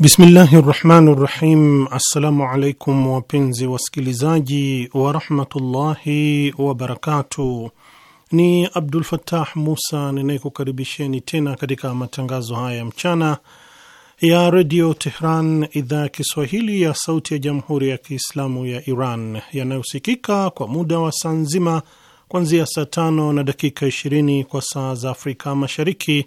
Bismillahi rahmani rahim. Assalamu alaikum wapenzi wasikilizaji warahmatullahi wabarakatuh. Ni Abdul Fattah Musa ninayekukaribisheni tena katika matangazo haya mchana ya redio Tehran, idhaa ya Kiswahili ya sauti ya jamhuri ya Kiislamu ya Iran, yanayosikika kwa muda wa saa nzima kuanzia saa tano na dakika 20 kwa saa za Afrika Mashariki,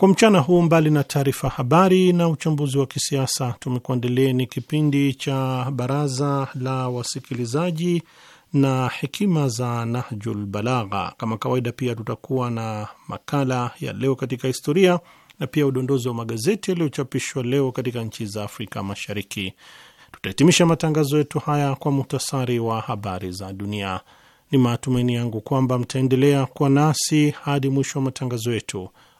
Kwa mchana huu, mbali na taarifa habari na uchambuzi wa kisiasa, tumekuandalia ni kipindi cha baraza la wasikilizaji na hekima za Nahjul Balagha. Kama kawaida, pia tutakuwa na makala ya leo katika historia na pia udondozi wa magazeti yaliyochapishwa leo katika nchi za Afrika Mashariki. Tutahitimisha matangazo yetu haya kwa muhtasari wa habari za dunia. Ni matumaini yangu kwamba mtaendelea kuwa nasi hadi mwisho wa matangazo yetu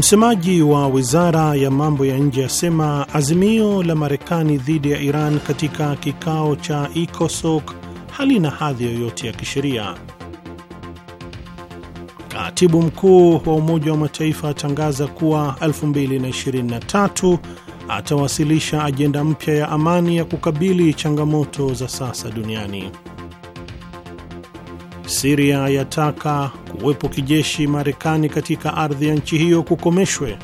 Msemaji wa wizara ya mambo ya nje asema azimio la Marekani dhidi ya Iran katika kikao cha ECOSOC halina hadhi yoyote ya kisheria. Katibu mkuu wa Umoja wa Mataifa atangaza kuwa 2023 atawasilisha ajenda mpya ya amani ya kukabili changamoto za sasa duniani. Siria yataka kuwepo kijeshi Marekani katika ardhi ya nchi hiyo kukomeshwe,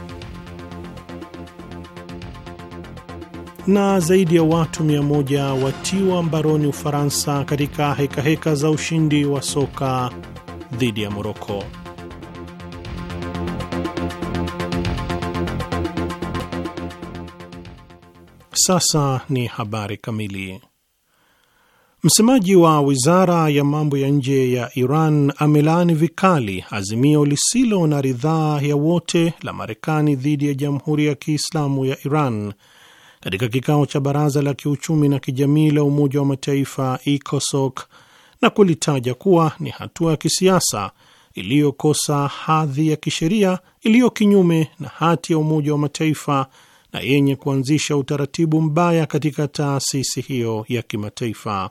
na zaidi ya watu mia moja watiwa mbaroni Ufaransa katika hekaheka heka za ushindi wa soka dhidi ya Moroko. Sasa ni habari kamili. Msemaji wa wizara ya mambo ya nje ya Iran amelaani vikali azimio lisilo na ridhaa ya wote la Marekani dhidi ya Jamhuri ya Kiislamu ya Iran katika kikao cha Baraza la Kiuchumi na Kijamii la Umoja wa Mataifa ECOSOC na kulitaja kuwa ni hatua ya kisiasa iliyokosa hadhi ya kisheria, iliyo kinyume na hati ya Umoja wa Mataifa na yenye kuanzisha utaratibu mbaya katika taasisi hiyo ya kimataifa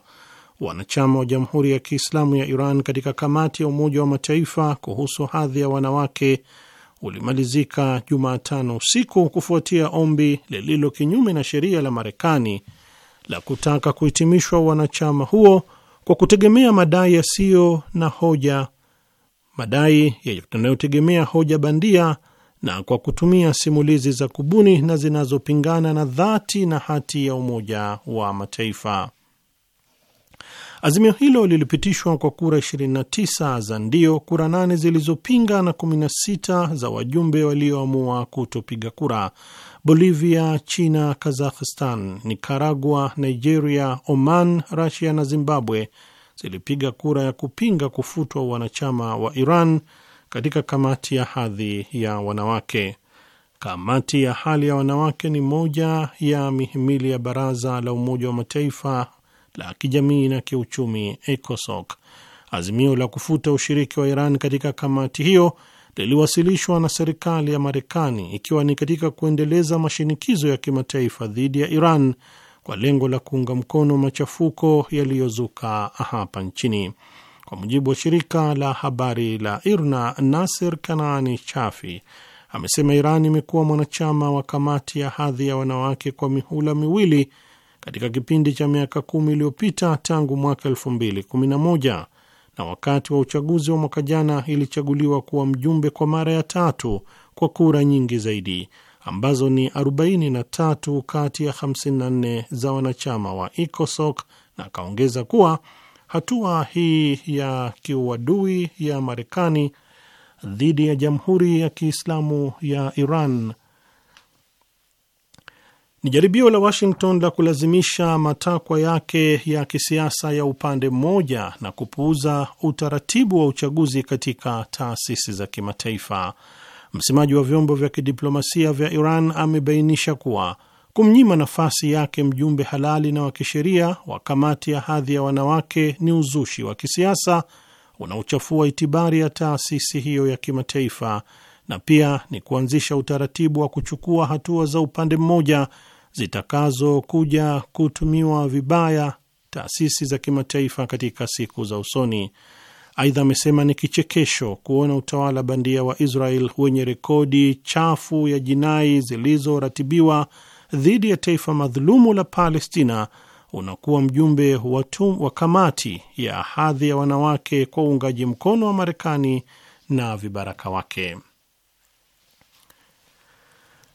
wanachama wa Jamhuri ya Kiislamu ya Iran katika kamati ya Umoja wa Mataifa kuhusu hadhi ya wanawake ulimalizika Jumatano usiku kufuatia ombi lililo kinyume na sheria la Marekani la kutaka kuhitimishwa wanachama huo kwa kutegemea madai yasiyo na hoja, madai yanayotegemea hoja bandia na kwa kutumia simulizi za kubuni na zinazopingana na dhati na hati ya Umoja wa Mataifa. Azimio hilo lilipitishwa kwa kura 29 za ndio, kura nane zilizopinga na 16 za wajumbe walioamua kutopiga kura. Bolivia, China, Kazakhstan, nikaragua Nigeria, Oman, rasia na Zimbabwe zilipiga kura ya kupinga kufutwa wanachama wa Iran katika kamati ya hadhi ya wanawake. Kamati ya hali ya wanawake ni moja ya mihimili ya Baraza la Umoja wa Mataifa la kijamii na kiuchumi ECOSOC. Azimio la kufuta ushiriki wa Iran katika kamati hiyo liliwasilishwa na serikali ya Marekani ikiwa ni katika kuendeleza mashinikizo ya kimataifa dhidi ya Iran kwa lengo la kuunga mkono machafuko yaliyozuka hapa nchini. Kwa mujibu wa shirika la habari la IRNA, Nasir Kanaani Chafi amesema Iran imekuwa mwanachama wa kamati ya hadhi ya wanawake kwa mihula miwili katika kipindi cha miaka kumi iliyopita tangu mwaka 2011 na wakati wa uchaguzi wa mwaka jana ilichaguliwa kuwa mjumbe kwa mara ya tatu kwa kura nyingi zaidi ambazo ni 43 kati ya 54 za wanachama wa ECOSOC na akaongeza kuwa hatua hii ya kiuadui ya Marekani dhidi ya Jamhuri ya Kiislamu ya Iran ni jaribio la Washington la kulazimisha matakwa yake ya kisiasa ya upande mmoja na kupuuza utaratibu wa uchaguzi katika taasisi za kimataifa. Msemaji wa vyombo vya kidiplomasia vya Iran amebainisha kuwa kumnyima nafasi yake mjumbe halali na wa kisheria wa kamati ya hadhi ya wanawake ni uzushi wa kisiasa unaochafua itibari ya taasisi hiyo ya kimataifa na pia ni kuanzisha utaratibu wa kuchukua hatua za upande mmoja zitakazokuja kutumiwa vibaya taasisi za kimataifa katika siku za usoni. Aidha, amesema ni kichekesho kuona utawala bandia wa Israel wenye rekodi chafu ya jinai zilizoratibiwa dhidi ya taifa madhulumu la Palestina unakuwa mjumbe wa kamati ya hadhi ya wanawake kwa uungaji mkono wa Marekani na vibaraka wake.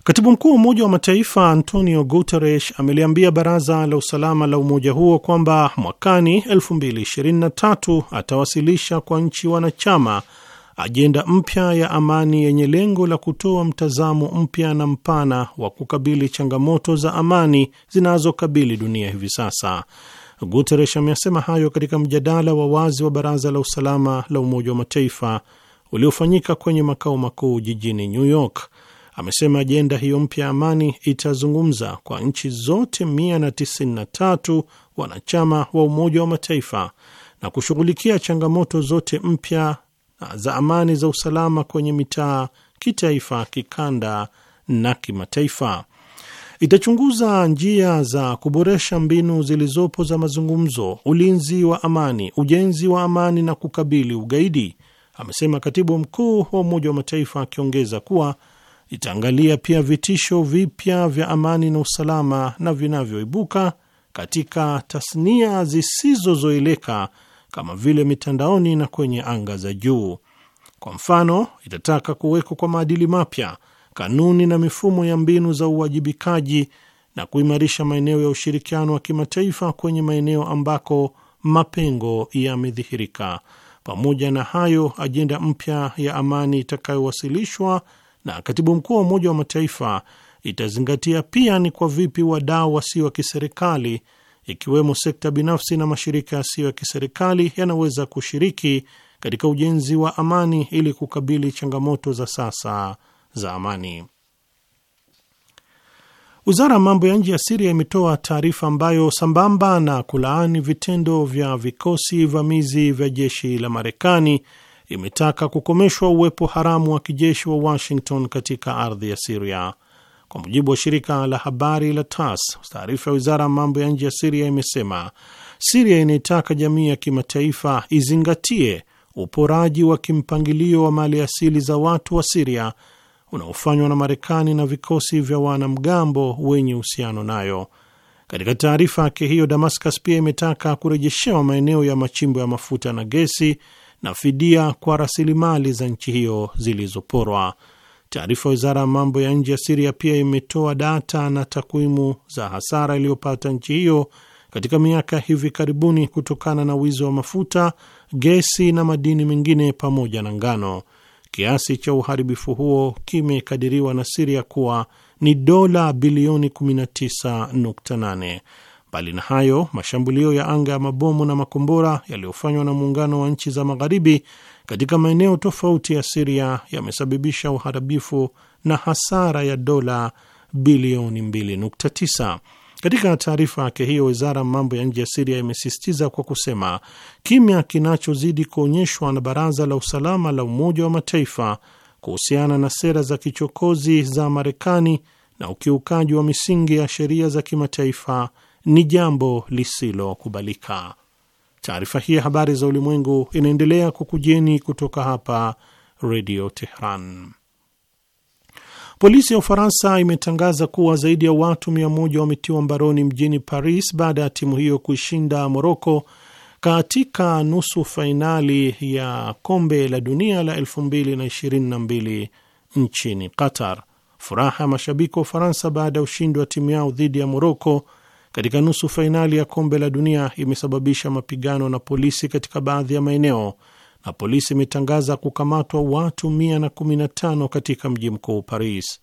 Katibu mkuu wa Umoja wa Mataifa Antonio Guterres ameliambia baraza la usalama la umoja huo kwamba mwakani 2023 atawasilisha kwa nchi wanachama ajenda mpya ya amani yenye lengo la kutoa mtazamo mpya na mpana wa kukabili changamoto za amani zinazokabili dunia hivi sasa. Guterres amesema hayo katika mjadala wa wazi wa baraza la usalama la Umoja wa Mataifa uliofanyika kwenye makao makuu jijini New York amesema ajenda hiyo mpya ya amani itazungumza kwa nchi zote 193 wanachama wa Umoja wa Mataifa na kushughulikia changamoto zote mpya za amani za usalama kwenye mitaa, kitaifa, kikanda na kimataifa. Itachunguza njia za kuboresha mbinu zilizopo za mazungumzo, ulinzi wa amani, ujenzi wa amani na kukabili ugaidi, amesema katibu mkuu wa Umoja wa Mataifa, akiongeza kuwa itaangalia pia vitisho vipya vya amani na usalama na vinavyoibuka katika tasnia zisizozoeleka kama vile mitandaoni na kwenye anga za juu. Kwa mfano, itataka kuwekwa kwa maadili mapya, kanuni na mifumo ya mbinu za uwajibikaji na kuimarisha maeneo ya ushirikiano wa kimataifa kwenye maeneo ambako mapengo yamedhihirika. Pamoja na hayo, ajenda mpya ya amani itakayowasilishwa na katibu mkuu wa Umoja wa Mataifa itazingatia pia ni kwa vipi wadau wasio wa kiserikali ikiwemo sekta binafsi na mashirika yasiyo ya kiserikali yanaweza kushiriki katika ujenzi wa amani ili kukabili changamoto za sasa za amani. Wizara ya mambo ya nje ya Siria imetoa taarifa ambayo sambamba na kulaani vitendo vya vikosi vamizi vya jeshi la Marekani imetaka kukomeshwa uwepo haramu wa kijeshi wa Washington katika ardhi ya Siria. Kwa mujibu wa shirika la habari la TAS, taarifa ya wizara ya mambo ya nje ya Siria imesema Siria inaitaka jamii ya kimataifa izingatie uporaji wa kimpangilio wa mali asili za watu wa Siria unaofanywa na Marekani na vikosi vya wanamgambo wenye uhusiano nayo. Katika taarifa yake hiyo, Damascus pia imetaka kurejeshewa maeneo ya machimbo ya mafuta na gesi na fidia kwa rasilimali za nchi hiyo zilizoporwa. Taarifa ya wizara ya mambo ya nje ya Siria pia imetoa data na takwimu za hasara iliyopata nchi hiyo katika miaka hivi karibuni kutokana na wizi wa mafuta, gesi na madini mengine pamoja na ngano. Kiasi cha uharibifu huo kimekadiriwa na Siria kuwa ni dola bilioni 19.8 Mbali na hayo, mashambulio ya anga ya mabomu na makombora yaliyofanywa na muungano wa nchi za magharibi katika maeneo tofauti ya Siria yamesababisha uharibifu na hasara ya dola bilioni 2.9. Katika taarifa yake hiyo, wizara ya mambo ya nje ya Siria imesisitiza kwa kusema, kimya kinachozidi kuonyeshwa na Baraza la Usalama la Umoja wa Mataifa kuhusiana na sera za kichokozi za Marekani na ukiukaji wa misingi ya sheria za kimataifa ni jambo lisilokubalika. Taarifa hii ya habari za ulimwengu inaendelea kukujeni kutoka hapa Redio Tehran. Polisi ya Ufaransa imetangaza kuwa zaidi ya watu mia moja wametiwa mbaroni mjini Paris baada ya timu hiyo kuishinda Moroko katika nusu fainali ya kombe la dunia la 2022 nchini Qatar. Furaha ya mashabiki wa Ufaransa baada ya ushindi wa timu yao dhidi ya Moroko katika nusu fainali ya kombe la dunia imesababisha mapigano na polisi katika baadhi ya maeneo na polisi imetangaza kukamatwa watu 115 katika mji mkuu Paris.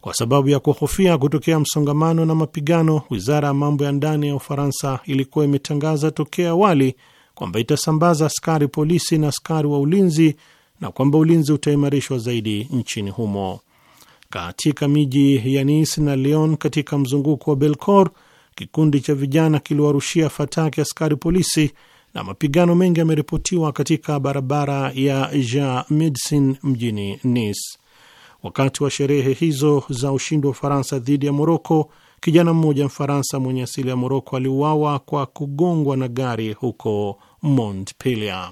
Kwa sababu ya kuhofia kutokea msongamano na mapigano, wizara ya mambo ya ndani ya Ufaransa ilikuwa imetangaza tokea awali kwamba itasambaza askari polisi na askari wa ulinzi na kwamba ulinzi utaimarishwa zaidi nchini humo. Katika miji ya Nice na Lyon katika mzunguko wa Belcor kikundi cha vijana kiliwarushia fataki askari polisi na mapigano mengi yameripotiwa katika barabara ya ja medicine mjini Nice. Wakati wa sherehe hizo za ushindi wa Ufaransa dhidi ya Moroko, kijana mmoja Mfaransa mwenye asili ya Moroko aliuawa kwa kugongwa na gari huko Montpellier.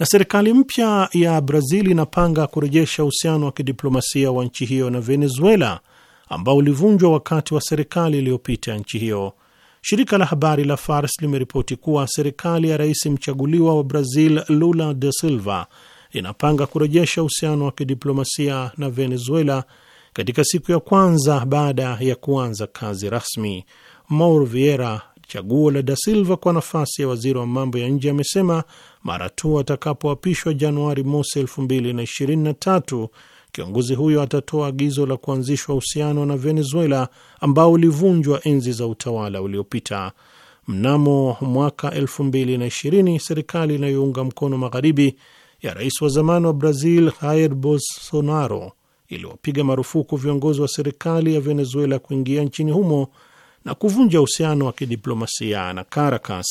Na serikali mpya ya Brazil inapanga kurejesha uhusiano wa kidiplomasia wa nchi hiyo na Venezuela ambao ulivunjwa wakati wa serikali iliyopita ya nchi hiyo. Shirika la habari la Fars limeripoti kuwa serikali ya rais mchaguliwa wa Brazil Lula da Silva inapanga kurejesha uhusiano wa kidiplomasia na Venezuela katika siku ya kwanza baada ya kuanza kazi rasmi. Mauro Vieira, chaguo la da Silva kwa nafasi ya waziri wa mambo ya nje, amesema mara tu atakapoapishwa Januari mosi Kiongozi huyo atatoa agizo la kuanzishwa uhusiano na Venezuela ambao ulivunjwa enzi za utawala uliopita. Mnamo mwaka 2020 serikali inayounga mkono magharibi ya rais wa zamani wa Brazil Jair Bolsonaro iliwapiga marufuku viongozi wa serikali ya Venezuela kuingia nchini humo na kuvunja uhusiano wa kidiplomasia na Caracas.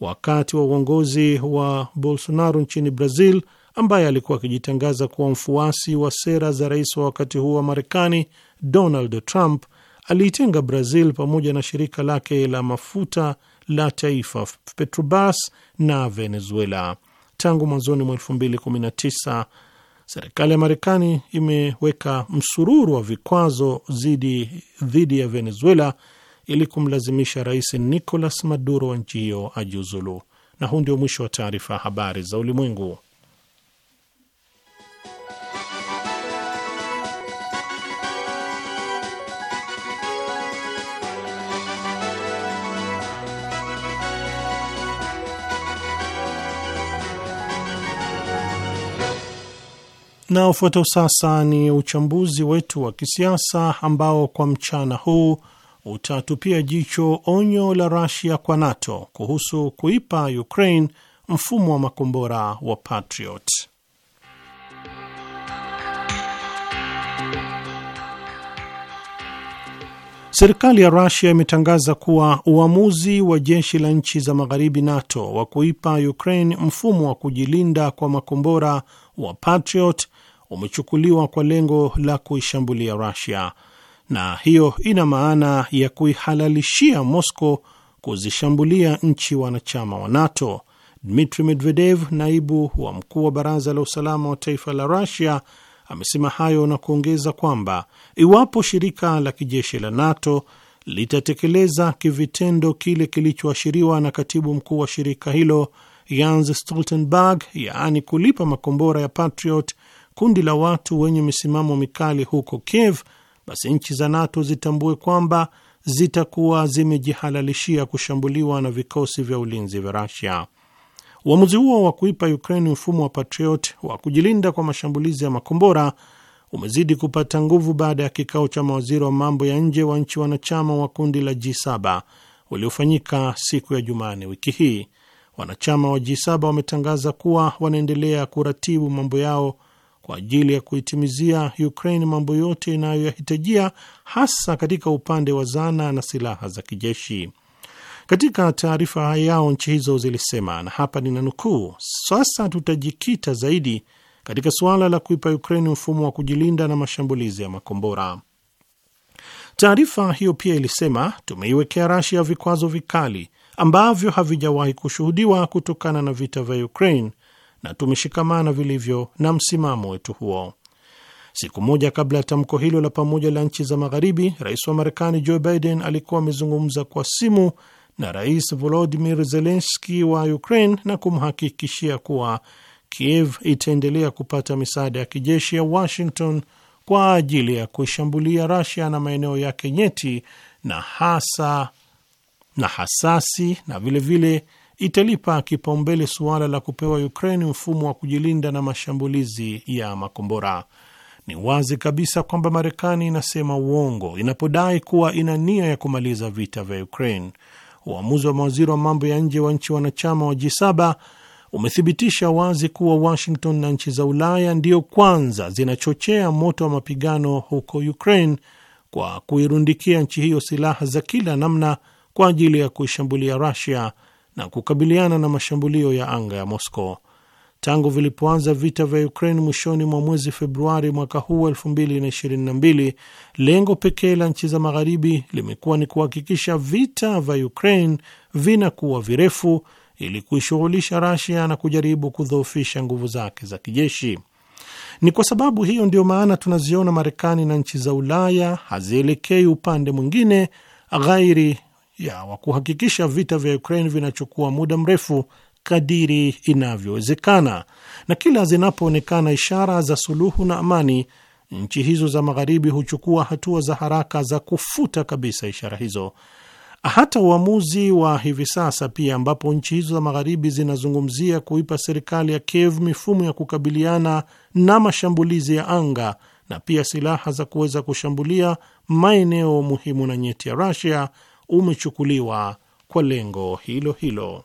Wakati wa uongozi wa Bolsonaro nchini Brazil, ambaye alikuwa akijitangaza kuwa mfuasi wa sera za rais wa wakati huo wa Marekani Donald Trump aliitenga Brazil pamoja na shirika lake la mafuta la taifa Petrobras na Venezuela. Tangu mwanzoni mwa 2019 serikali ya Marekani imeweka msururu wa vikwazo dhidi ya Venezuela ili kumlazimisha Rais Nicolas Maduro wa nchi hiyo ajiuzulu. Na huu ndio mwisho wa taarifa ya habari za ulimwengu. Na ufuatao sasa ni uchambuzi wetu wa kisiasa ambao kwa mchana huu utatupia jicho onyo la Russia kwa NATO kuhusu kuipa Ukraine mfumo wa makombora wa Patriot. Serikali ya Rusia imetangaza kuwa uamuzi wa jeshi la nchi za magharibi NATO wa kuipa Ukraine mfumo wa kujilinda kwa makombora wa Patriot umechukuliwa kwa lengo la kuishambulia Rusia, na hiyo ina maana ya kuihalalishia Moscow kuzishambulia nchi wanachama wa NATO. Dmitri Medvedev, naibu wa mkuu wa baraza la usalama wa taifa la Rusia, Amesema hayo na kuongeza kwamba iwapo shirika la kijeshi la NATO litatekeleza kivitendo kile kilichoashiriwa na katibu mkuu wa shirika hilo Jens Stoltenberg, yaani kulipa makombora ya Patriot kundi la watu wenye misimamo mikali huko Kiev, basi nchi za NATO zitambue kwamba zitakuwa zimejihalalishia kushambuliwa na vikosi vya ulinzi vya Russia. Uamuzi huo wa kuipa Ukraine mfumo wa Patriot wa kujilinda kwa mashambulizi ya makombora umezidi kupata nguvu baada ya kikao cha mawaziri wa mambo ya nje wa nchi wanachama wa kundi la G7 uliofanyika siku ya Jumane wiki hii. Wanachama wa G7 wametangaza kuwa wanaendelea kuratibu mambo yao kwa ajili ya kuitimizia Ukraine mambo yote inayoyahitajia hasa katika upande wa zana na silaha za kijeshi. Katika taarifa yao nchi hizo zilisema, na hapa nina nukuu: sasa tutajikita zaidi katika suala la kuipa Ukraini mfumo wa kujilinda na mashambulizi ya makombora. Taarifa hiyo pia ilisema, tumeiwekea Rasia vikwazo vikali ambavyo havijawahi kushuhudiwa kutokana na vita vya Ukraine na tumeshikamana vilivyo na msimamo wetu huo. Siku moja kabla ya tamko hilo la pamoja la nchi za Magharibi, rais wa Marekani Joe Biden alikuwa amezungumza kwa simu na Rais Volodimir Zelenski wa Ukraine na kumhakikishia kuwa Kiev itaendelea kupata misaada ya kijeshi ya Washington kwa ajili ya kuishambulia rasia na maeneo yake nyeti na hasa na hasasi, na vilevile vile italipa kipaumbele suala la kupewa Ukraine mfumo wa kujilinda na mashambulizi ya makombora. Ni wazi kabisa kwamba Marekani inasema uongo inapodai kuwa ina nia ya kumaliza vita vya Ukraine uamuzi wa mawaziri wa mambo ya nje wa nchi wanachama wa G7 umethibitisha wazi kuwa Washington na nchi za Ulaya ndiyo kwanza zinachochea moto wa mapigano huko Ukraine kwa kuirundikia nchi hiyo silaha za kila namna kwa ajili ya kuishambulia rusia na kukabiliana na mashambulio ya anga ya Moscow tangu vilipoanza vita vya Ukraine mwishoni mwa mwezi Februari mwaka huu 2022, lengo pekee la nchi za magharibi limekuwa ni kuhakikisha vita vya Ukraine vinakuwa virefu ili kuishughulisha Rasia na kujaribu kudhoofisha nguvu zake za kijeshi. Ni kwa sababu hiyo ndio maana tunaziona Marekani na nchi za Ulaya hazielekei upande mwingine ghairi ya wa kuhakikisha vita vya Ukraine vinachukua muda mrefu kadiri inavyowezekana, na kila zinapoonekana ishara za suluhu na amani, nchi hizo za magharibi huchukua hatua za haraka za kufuta kabisa ishara hizo. Hata uamuzi wa hivi sasa pia, ambapo nchi hizo za magharibi zinazungumzia kuipa serikali ya Kiev mifumo ya kukabiliana na mashambulizi ya anga na pia silaha za kuweza kushambulia maeneo muhimu na nyeti ya Russia umechukuliwa kwa lengo hilo hilo.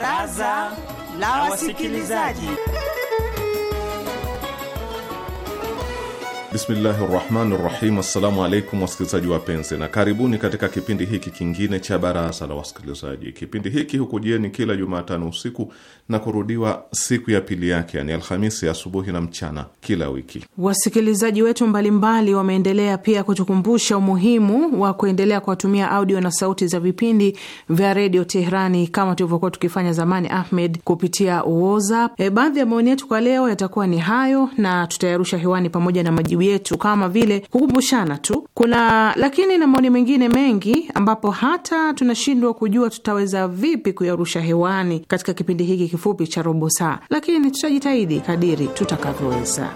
Baraza la Wasikilizaji. Bismillahi rahmani rahim. Assalamu alaikum wasikilizaji wapenzi, na karibuni katika kipindi hiki kingine cha baraza la wasikilizaji. Kipindi hiki hukujieni kila Jumatano usiku na kurudiwa siku ya pili yake, yani Alhamisi asubuhi na mchana kila wiki. Wasikilizaji wetu mbalimbali wameendelea pia kutukumbusha umuhimu wa kuendelea kuwatumia audio na sauti za vipindi vya redio Teherani kama tulivyokuwa tukifanya zamani, Ahmed, kupitia WhatsApp. E, baadhi ya maoni yetu kwa leo yatakuwa ni hayo na tutayarusha hewani pamoja na majibu majibu yetu kama vile kukumbushana tu. Kuna lakini na maoni mengine mengi ambapo hata tunashindwa kujua tutaweza vipi kuyarusha hewani katika kipindi hiki kifupi cha robo saa, lakini tutajitahidi kadiri tutakavyoweza.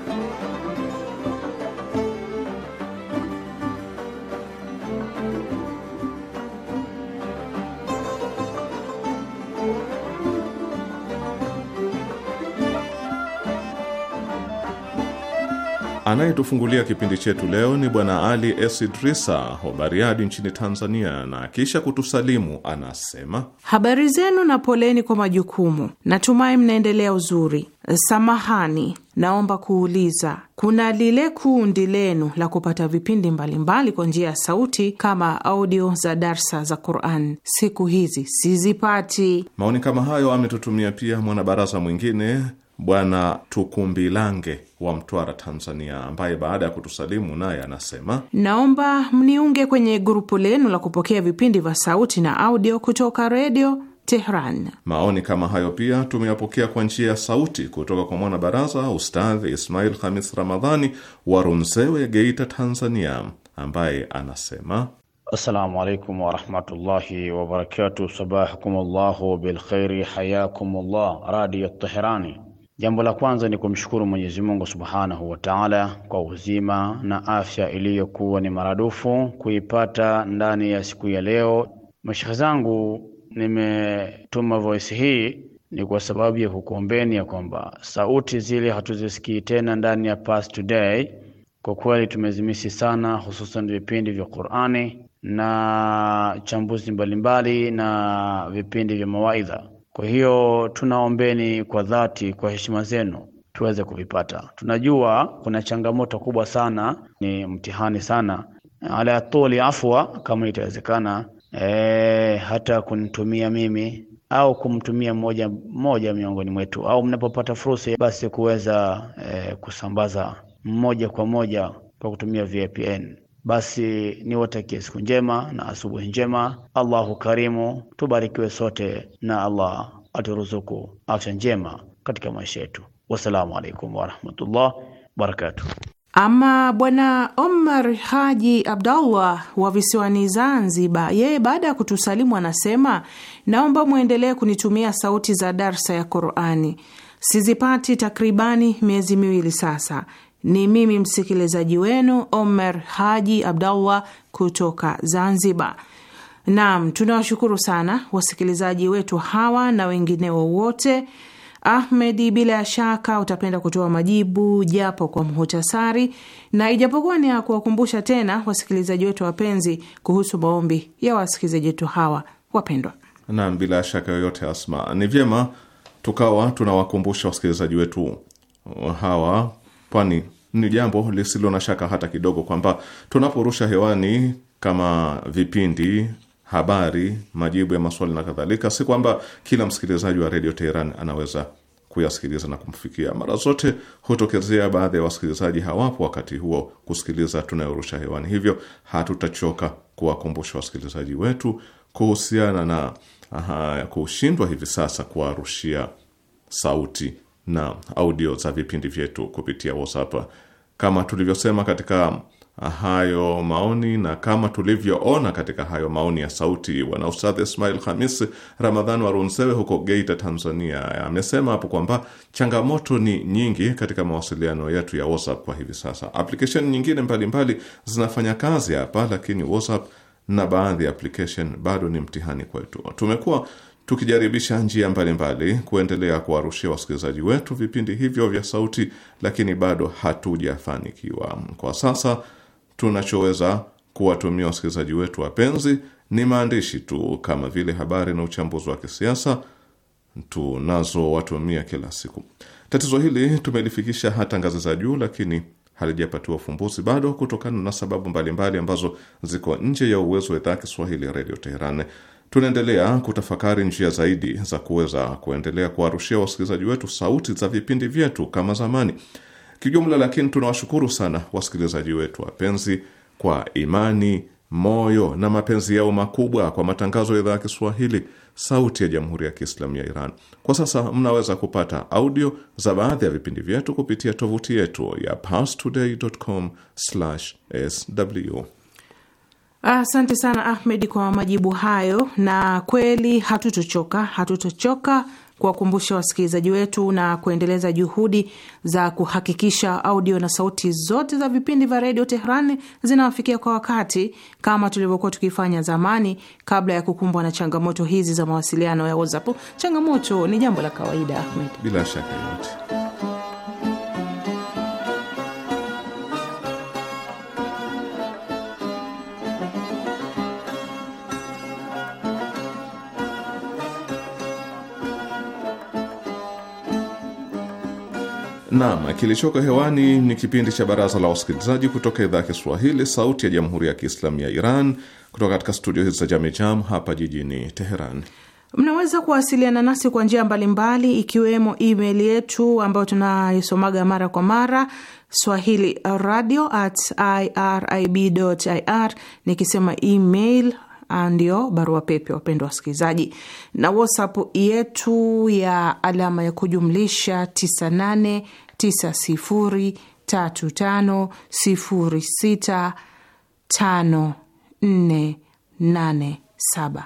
Anayetufungulia kipindi chetu leo ni Bwana Ali Esidrisa wa Bariadi nchini Tanzania, na kisha kutusalimu anasema, habari zenu na poleni kwa majukumu. Natumai mnaendelea uzuri. Samahani, naomba kuuliza, kuna lile kundi lenu la kupata vipindi mbalimbali kwa njia ya sauti kama audio za darsa za Quran? Siku hizi sizipati. Maoni kama hayo ametutumia pia mwanabaraza mwingine Bwana Tukumbilange wa Mtwara, Tanzania, ambaye baada ya kutusalimu naye anasema naomba mniunge kwenye grupu lenu la kupokea vipindi vya sauti na audio kutoka redio Tehran. Maoni kama hayo pia tumeyapokea kwa njia ya sauti kutoka kwa mwanabaraza Ustadhi Ismail Khamis Ramadhani wa Runzewe, Geita, Tanzania, ambaye anasema Assalamu alaikum warahmatullahi wabarakatu, Sabahakum llahu bilkhairi, hayakum llah. Radio Teherani Jambo la kwanza ni kumshukuru Mwenyezi Mungu Subhanahu wa Ta'ala kwa uzima na afya iliyokuwa ni maradufu kuipata ndani ya siku ya leo. Mashehe zangu, nimetuma voice hii ni kwa sababu ya kukuombeni ya kwamba sauti zile hatuzisikii tena ndani ya Past Today. Kwa kweli tumezimisi sana, hususan vipindi vya Qur'ani na chambuzi mbalimbali na vipindi vya mawaidha kwa hiyo tunaombeni kwa dhati, kwa heshima zenu tuweze kuvipata. Tunajua kuna changamoto kubwa sana, ni mtihani sana, ala tuli afwa, kama itawezekana e, hata kunitumia mimi au kumtumia mmoja mmoja miongoni mwetu, au mnapopata fursa basi kuweza e, kusambaza moja kwa moja kwa kutumia VPN. Basi niwatakie siku njema na asubuhi njema. Allahu karimu, tubarikiwe sote na Allah aturuzuku afya njema katika maisha yetu. Wassalamu alaikum warahmatullah wabarakatuh. Ama Bwana Omar Haji Abdallah wa visiwani Zanzibar, yeye baada ya kutusalimu anasema, naomba mwendelee kunitumia sauti za darsa ya Qurani, sizipati takribani miezi miwili sasa. Ni mimi msikilizaji wenu Omer Haji Abdallah kutoka Zanzibar. Naam, tunawashukuru sana wasikilizaji wetu hawa na wengineo wote. Ahmedi, bila shaka utapenda kutoa majibu japo kwa muhtasari, na ijapokuwa ni ya kuwakumbusha tena wasikilizaji wetu wapenzi kuhusu maombi ya wasikilizaji wetu hawa wapendwa. Naam, bila shaka yoyote, Asma, ni vyema tukawa tunawakumbusha wasikilizaji wetu hawa, kwani ni jambo lisilo na shaka hata kidogo kwamba tunaporusha hewani kama vipindi, habari, majibu ya maswali na kadhalika, si kwamba kila msikilizaji wa redio Teheran anaweza kuyasikiliza na kumfikia. Mara zote hutokezea baadhi ya wasikilizaji hawapo wakati huo kusikiliza tunayorusha hewani, hivyo hatutachoka kuwakumbusha wasikilizaji wetu kuhusiana na kushindwa hivi sasa kuwarushia sauti na audio za vipindi vyetu kupitia WhatsApp. Kama tulivyosema katika hayo maoni na kama tulivyoona katika hayo maoni ya sauti, bwana Ustadh Ismail Khamis Ramadhan wa Runsewe huko Geita, Tanzania, amesema hapo kwamba changamoto ni nyingi katika mawasiliano yetu ya WhatsApp kwa hivi sasa. Application nyingine mbalimbali mbali zinafanya kazi hapa, lakini WhatsApp na baadhi ya application bado ni mtihani kwetu. Tumekuwa tukijaribisha njia mbalimbali kuendelea kuwarushia wasikilizaji wetu vipindi hivyo vya sauti, lakini bado hatujafanikiwa. Kwa sasa tunachoweza kuwatumia wasikilizaji wetu wapenzi ni maandishi tu, kama vile habari na uchambuzi wa kisiasa tunazowatumia kila siku. Tatizo hili tumelifikisha hata ngazi za juu, lakini halijapatiwa ufumbuzi bado kutokana na sababu mbalimbali mbali ambazo ziko nje ya uwezo wa idhaa Kiswahili ya redio Teheran. Tunaendelea kutafakari njia zaidi za kuweza kuendelea kuwarushia wasikilizaji wetu sauti za vipindi vyetu kama zamani. Kijumla, lakini tunawashukuru sana wasikilizaji wetu wapenzi kwa imani, moyo na mapenzi yao makubwa kwa matangazo ya idhaa ya Kiswahili, Sauti ya Jamhuri ya Kiislamu ya Iran. Kwa sasa mnaweza kupata audio za baadhi ya vipindi vyetu kupitia tovuti yetu ya parstoday.com/sw Ah, asante sana Ahmed kwa majibu hayo, na kweli hatutochoka, hatutochoka kuwakumbusha wasikilizaji wetu na kuendeleza juhudi za kuhakikisha audio na sauti zote za vipindi vya redio Tehran zinawafikia kwa wakati kama tulivyokuwa tukifanya zamani kabla ya kukumbwa na changamoto hizi za mawasiliano ya WhatsApp. Changamoto ni jambo la kawaida Ahmed, bila shaka yote. Naam, kilichoko hewani ni kipindi cha Baraza la Wasikilizaji kutoka idhaa ya Kiswahili, Sauti ya Jamhuri ya Kiislamu ya Iran, kutoka katika studio hizi za Jamejam hapa jijini Teheran. Mnaweza kuwasiliana nasi kwa njia mbalimbali, ikiwemo email yetu ambayo tunaisomaga mara kwa mara, swahili radio at irib ir. Nikisema email ndio barua pepe, wapendwa wasikilizaji, na whatsapp yetu ya alama ya kujumlisha 98 9035065487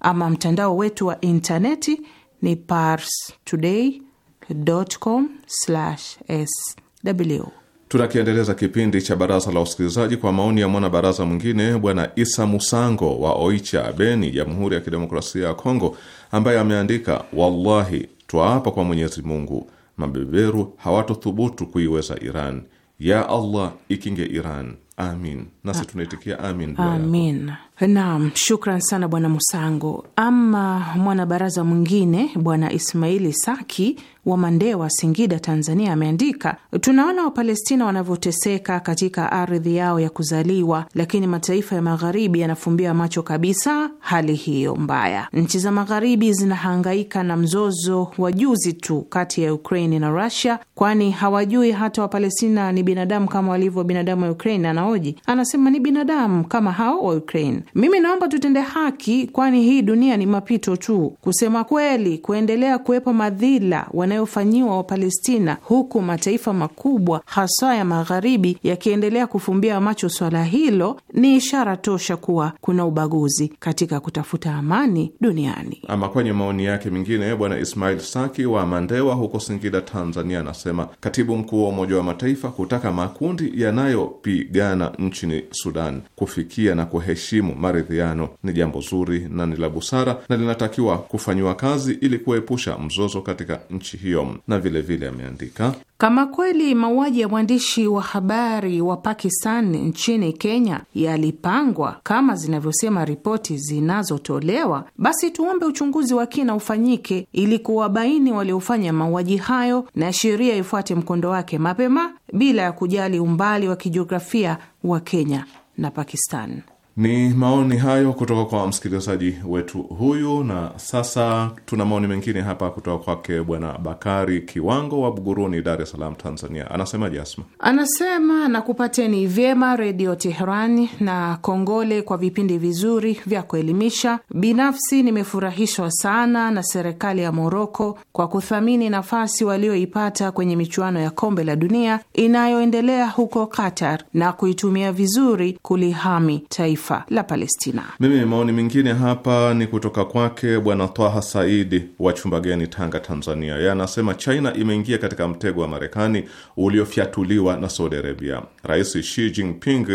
ama mtandao wetu wa intaneti ni parstoday.com/sw. Tunakiendeleza kipindi cha baraza la wasikilizaji kwa maoni ya mwanabaraza mwingine Bwana Isa Musango wa Oicha, Beni, Jamhuri ya Kidemokrasia ya Kongo, ambaye ameandika: wallahi twaapa kwa Mwenyezi Mungu mabeberu hawatothubutu kuiweza Iran. Ya Allah, ikinge Iran. Amin. Nasi ah. tunaitikia amin. Amin. Naam, shukran sana bwana Musango. Ama mwanabaraza mwingine bwana Ismaili Saki wa Mandewa, Singida, Tanzania, ameandika tunaona Wapalestina wanavyoteseka katika ardhi yao ya kuzaliwa, lakini mataifa ya magharibi yanafumbia macho kabisa hali hiyo mbaya. Nchi za magharibi zinahangaika na mzozo wa juzi tu kati ya Ukraini na Rusia, kwani hawajui hata Wapalestina ni binadamu kama walivyo binadamu wa Ukraini. Anaoji anasema ni binadamu kama hao wa Ukraini. Mimi naomba tutende haki, kwani hii dunia ni mapito tu. Kusema kweli, kuendelea kuwepo madhila wanayofanyiwa Wapalestina, huku mataifa makubwa haswa ya Magharibi yakiendelea kufumbia macho swala hilo, ni ishara tosha kuwa kuna ubaguzi katika kutafuta amani duniani. Ama kwenye maoni yake mengine, Bwana Ismail Saki wa Mandewa huko Singida, Tanzania, anasema katibu mkuu wa Umoja wa Mataifa kutaka makundi yanayopigana nchini Sudan kufikia na kuheshimu maridhiano ni jambo zuri na ni la busara na linatakiwa kufanyiwa kazi ili kuepusha mzozo katika nchi hiyo. Na vilevile ameandika vile kama kweli mauaji ya mwandishi wa habari wa Pakistan nchini Kenya yalipangwa kama zinavyosema ripoti zinazotolewa, basi tuombe uchunguzi wa kina ufanyike ili kuwabaini waliofanya mauaji hayo, na sheria ifuate mkondo wake mapema bila ya kujali umbali wa kijiografia wa Kenya na Pakistan. Ni maoni hayo kutoka kwa msikilizaji wetu huyu. Na sasa tuna maoni mengine hapa kutoka kwake Bwana Bakari Kiwango wa Buguruni, Dar es Salaam, Tanzania. Anasemaje Asma? Anasema nakupateni vyema Redio Teherani na kongole kwa vipindi vizuri vya kuelimisha. Binafsi nimefurahishwa sana na serikali ya Moroko kwa kuthamini nafasi walioipata kwenye michuano ya kombe la dunia inayoendelea huko Qatar na kuitumia vizuri kulihami taifa taifa la Palestina. Mimi maoni mengine hapa ni kutoka kwake Bwana Twaha Saidi wa Chumbageni, Tanga, Tanzania. Yeye anasema China imeingia katika mtego wa Marekani uliofyatuliwa na Saudi Arabia. Rais Xi Jinping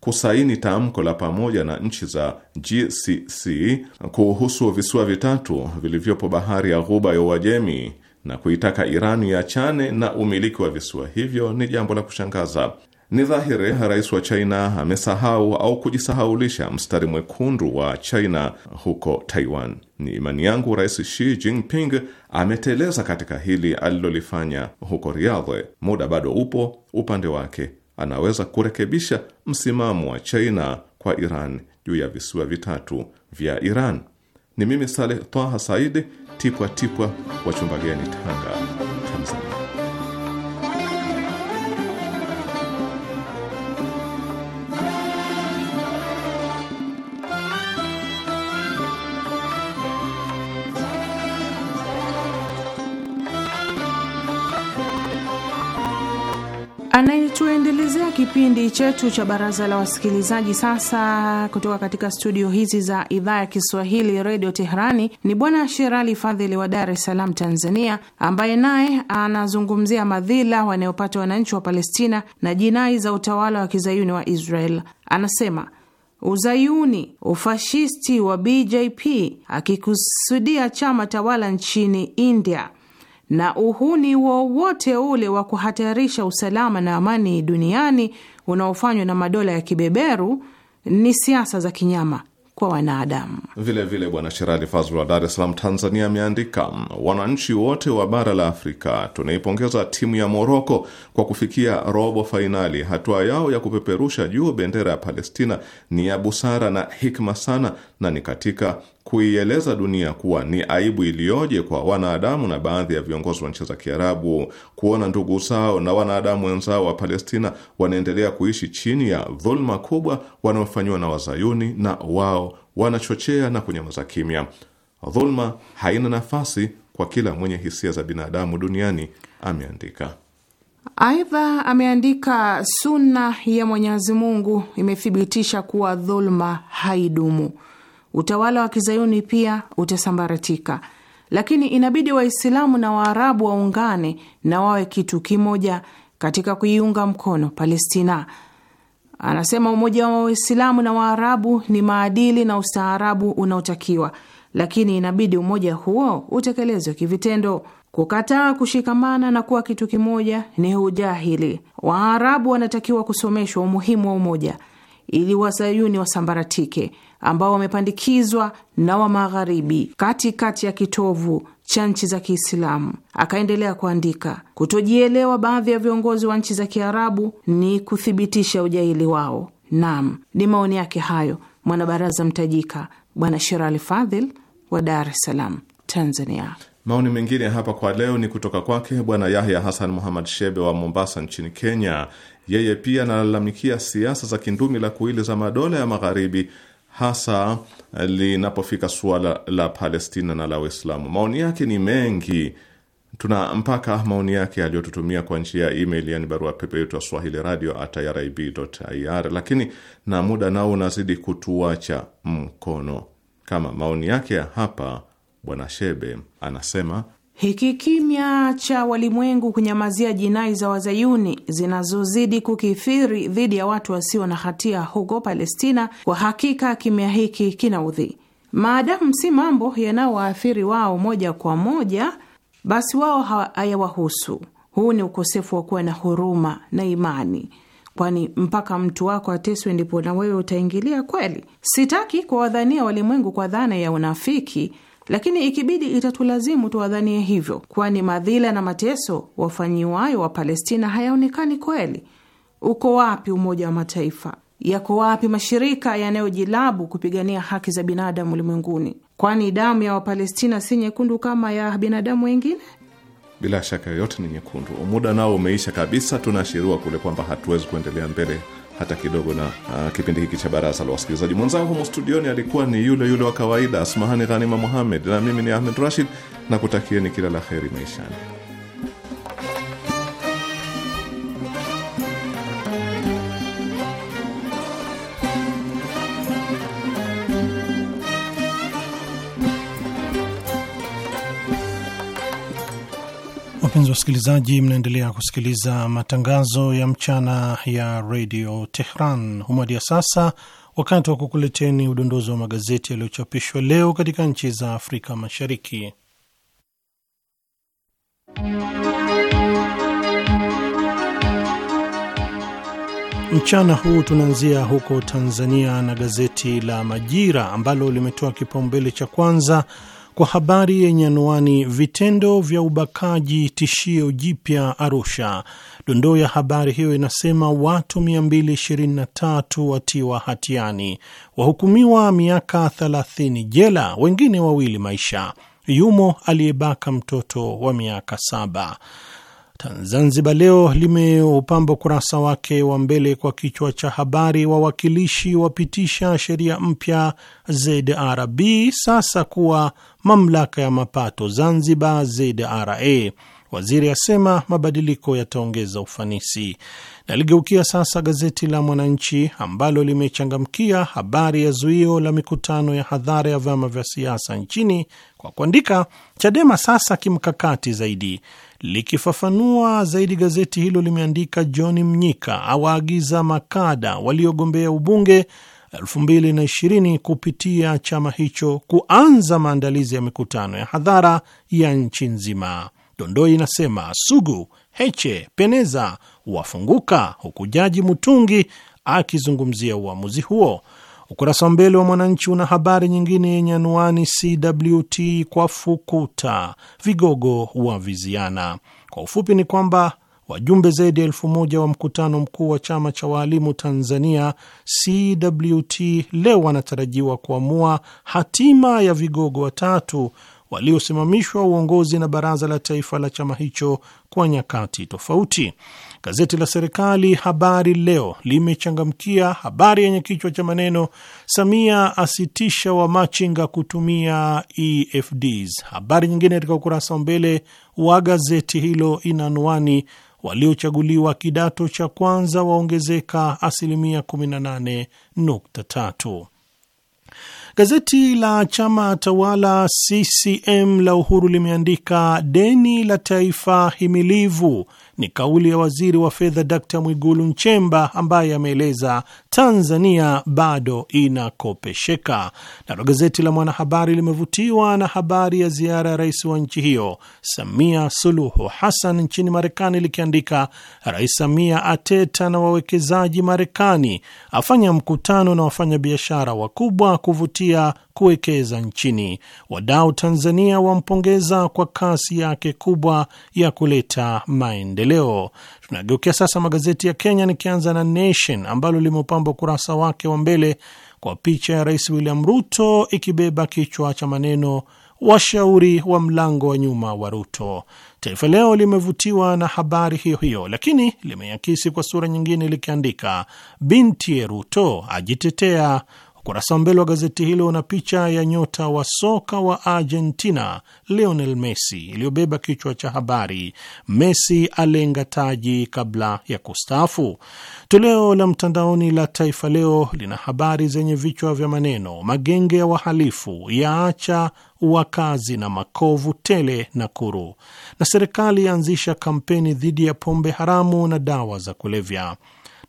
kusaini tamko la pamoja na nchi za GCC kuhusu visiwa vitatu vilivyopo bahari ya Ghuba ya Uajemi na kuitaka Irani iachane na umiliki wa visiwa hivyo ni jambo la kushangaza. Ni dhahiri rais wa China amesahau au kujisahaulisha mstari mwekundu wa China huko Taiwan. Ni imani yangu Rais Xi Jinping ameteleza katika hili alilolifanya huko Riadhe. Muda bado upo upande wake, anaweza kurekebisha msimamo wa China kwa Iran juu ya visiwa vitatu vya Iran. Ni mimi Saleh Twaha Saidi, Tipwa Tipwa wa Chumbageni, Tanga. Anayetuendelezea kipindi chetu cha baraza la wasikilizaji sasa kutoka katika studio hizi za idhaa ya Kiswahili redio Teherani ni bwana Sherali Fadhili wa Dar es Salaam, Tanzania, ambaye naye anazungumzia madhila wanayopata wananchi wa Palestina na jinai za utawala wa kizayuni wa Israel. Anasema Uzayuni, ufashisti wa BJP akikusudia chama tawala nchini India na uhuni wowote ule wa kuhatarisha usalama na amani duniani unaofanywa na madola ya kibeberu ni siasa za kinyama kwa wanadamu. Vile vile, Bwana Sherali Fazl wa Dar es Salaam, Tanzania, ameandika wananchi wote wa bara la Afrika, tunaipongeza timu ya Moroko kwa kufikia robo fainali. Hatua yao ya kupeperusha juu bendera ya Palestina ni ya busara na hikma sana, na ni katika kuieleza dunia kuwa ni aibu iliyoje kwa wanadamu na baadhi ya viongozi wa nchi za Kiarabu kuona ndugu zao na wanadamu wenzao wa Palestina wanaendelea kuishi chini ya dhuluma kubwa wanaofanyiwa na Wazayuni, na wao wanachochea na kunyamaza kimya. Dhuluma haina nafasi kwa kila mwenye hisia za binadamu duniani, ameandika. Aidha ameandika, sunna ya Mwenyezi Mungu imethibitisha kuwa dhuluma haidumu. Utawala wa kizayuni pia utasambaratika, lakini inabidi Waislamu na Waarabu waungane na wawe kitu kimoja katika kuiunga mkono Palestina. Anasema umoja wa Waislamu na Waarabu ni maadili na ustaarabu unaotakiwa, lakini inabidi umoja huo utekelezwe kivitendo. Kukataa kushikamana na kuwa kitu kimoja ni hujahili. Waarabu wanatakiwa kusomeshwa umuhimu wa umoja ili wazayuni wasambaratike, ambao wamepandikizwa na wa magharibi katikati ya kitovu cha nchi za Kiislamu. Akaendelea kuandika, kutojielewa baadhi ya viongozi wa nchi za Kiarabu ni kuthibitisha ujaili wao. Naam, ni maoni yake hayo mwanabaraza mtajika Bwana Sherali Fadhil wa Dar es Salaam, Tanzania. Maoni mengine hapa kwa leo ni kutoka kwake Bwana Yahya Hassan Muhammad Shebe wa Mombasa nchini Kenya. Yeye pia analalamikia siasa za kindumi la kuili za madola ya Magharibi, hasa eh, linapofika suala la Palestina na la Uislamu. Maoni yake ni mengi, tuna mpaka maoni yake aliyotutumia kwa njia ya email, yani barua pepe yetu ya swahili radio at irib.ir, lakini na muda nao unazidi kutuacha mkono, kama maoni yake ya hapa Bwana Shebe anasema hiki kimya cha walimwengu kunyamazia jinai za wazayuni zinazozidi kukithiri dhidi ya watu wasio na hatia huko Palestina, kwa hakika kimya hiki kinaudhi. Maadamu si mambo yanayowaathiri wao moja kwa moja, basi wao hayawahusu. Huu ni ukosefu wa kuwa na huruma na imani, kwani mpaka mtu wako ateswe ndipo na wewe utaingilia? Kweli sitaki kuwadhania walimwengu kwa dhana ya unafiki lakini ikibidi itatulazimu tuwadhanie hivyo, kwani madhila na mateso wafanyiwayo wa Palestina hayaonekani kweli. Uko wapi Umoja wa Mataifa? Yako wapi mashirika yanayojilabu kupigania haki za binadamu ulimwenguni? Kwani damu ya Wapalestina si nyekundu kama ya binadamu wengine? Bila shaka yoyote ni nyekundu. Muda nao umeisha kabisa, tunaashiriwa kule kwamba hatuwezi kuendelea mbele hata kidogo na uh, kipindi hiki cha baraza la wasikilizaji. Mwenzangu humu studioni alikuwa ni yule yule wa kawaida Asmahani Ghanima Muhammed, na mimi ni Ahmed Rashid, na kutakieni kila la heri maishani. Wapenzi wasikilizaji, mnaendelea kusikiliza matangazo ya mchana ya redio Tehran. ya sasa wakati wa kukuleteni udondozi wa magazeti yaliyochapishwa leo katika nchi za Afrika Mashariki. Mchana huu tunaanzia huko Tanzania na gazeti la Majira ambalo limetoa kipaumbele cha kwanza kwa habari yenye anwani vitendo vya ubakaji tishio jipya Arusha. Dondoo ya habari hiyo inasema watu 223 watiwa hatiani, wahukumiwa miaka 30 jela, wengine wawili maisha, yumo aliyebaka mtoto wa miaka saba. Zanzibar Leo limeupamba ukurasa wake wa mbele kwa kichwa cha habari, wawakilishi wapitisha sheria mpya ZRB sasa kuwa mamlaka ya mapato Zanzibar, ZRA. Waziri asema mabadiliko yataongeza ufanisi. Naligeukia sasa gazeti la Mwananchi ambalo limechangamkia habari ya zuio la mikutano ya hadhara ya vyama vya siasa nchini kwa kuandika Chadema sasa kimkakati zaidi. Likifafanua zaidi, gazeti hilo limeandika John Mnyika awaagiza makada waliogombea ubunge elfu kupitia chama hicho kuanza maandalizi ya mikutano ya hadhara ya nchi nzima. Dondoi inasema Sugu, Heche, Peneza wafunguka huku Jaji Mutungi akizungumzia uamuzi huo. Ukurasa wa mbele wa Mwananchi una habari nyingine yenye anuani CWT kwa fukuta vigogo wa viziana. Kwa ufupi ni kwamba wajumbe zaidi ya elfu moja wa mkutano mkuu wa chama cha waalimu Tanzania CWT leo wanatarajiwa kuamua hatima ya vigogo watatu waliosimamishwa uongozi na baraza la taifa la chama hicho kwa nyakati tofauti. Gazeti la serikali Habari Leo limechangamkia habari yenye kichwa cha maneno Samia asitisha wamachinga kutumia EFDs. Habari nyingine katika ukurasa wa mbele wa gazeti hilo ina anwani waliochaguliwa kidato cha kwanza waongezeka asilimia 18.3. Gazeti la chama tawala CCM la Uhuru limeandika deni la taifa himilivu ni kauli ya waziri wa fedha Dkt Mwigulu Nchemba ambaye ameeleza Tanzania bado inakopesheka. Nalo gazeti la Mwanahabari limevutiwa na habari ya ziara ya rais wa nchi hiyo Samia Suluhu Hassan nchini Marekani likiandika, Rais Samia ateta na wawekezaji Marekani, afanya mkutano na wafanyabiashara wakubwa kuvutia kuwekeza nchini. Wadau Tanzania wampongeza kwa kasi yake kubwa ya kuleta maendeleo. Tunageukia sasa magazeti ya Kenya, nikianza na Nation ambalo limeupamba ukurasa wake wa mbele kwa picha ya Rais William Ruto ikibeba kichwa cha maneno washauri wa mlango wa nyuma wa Ruto. Taifa Leo limevutiwa na habari hiyo hiyo, lakini limeakisi kwa sura nyingine likiandika, binti Ruto ajitetea Ukurasa wa mbele wa gazeti hilo una picha ya nyota wa soka wa Argentina Lionel Messi iliyobeba kichwa cha habari, Messi alenga taji kabla ya kustaafu. Toleo la mtandaoni la Taifa Leo lina habari zenye vichwa vya maneno, magenge ya wahalifu yaacha wakazi na makovu tele Nakuru, na serikali yaanzisha kampeni dhidi ya pombe haramu na dawa za kulevya.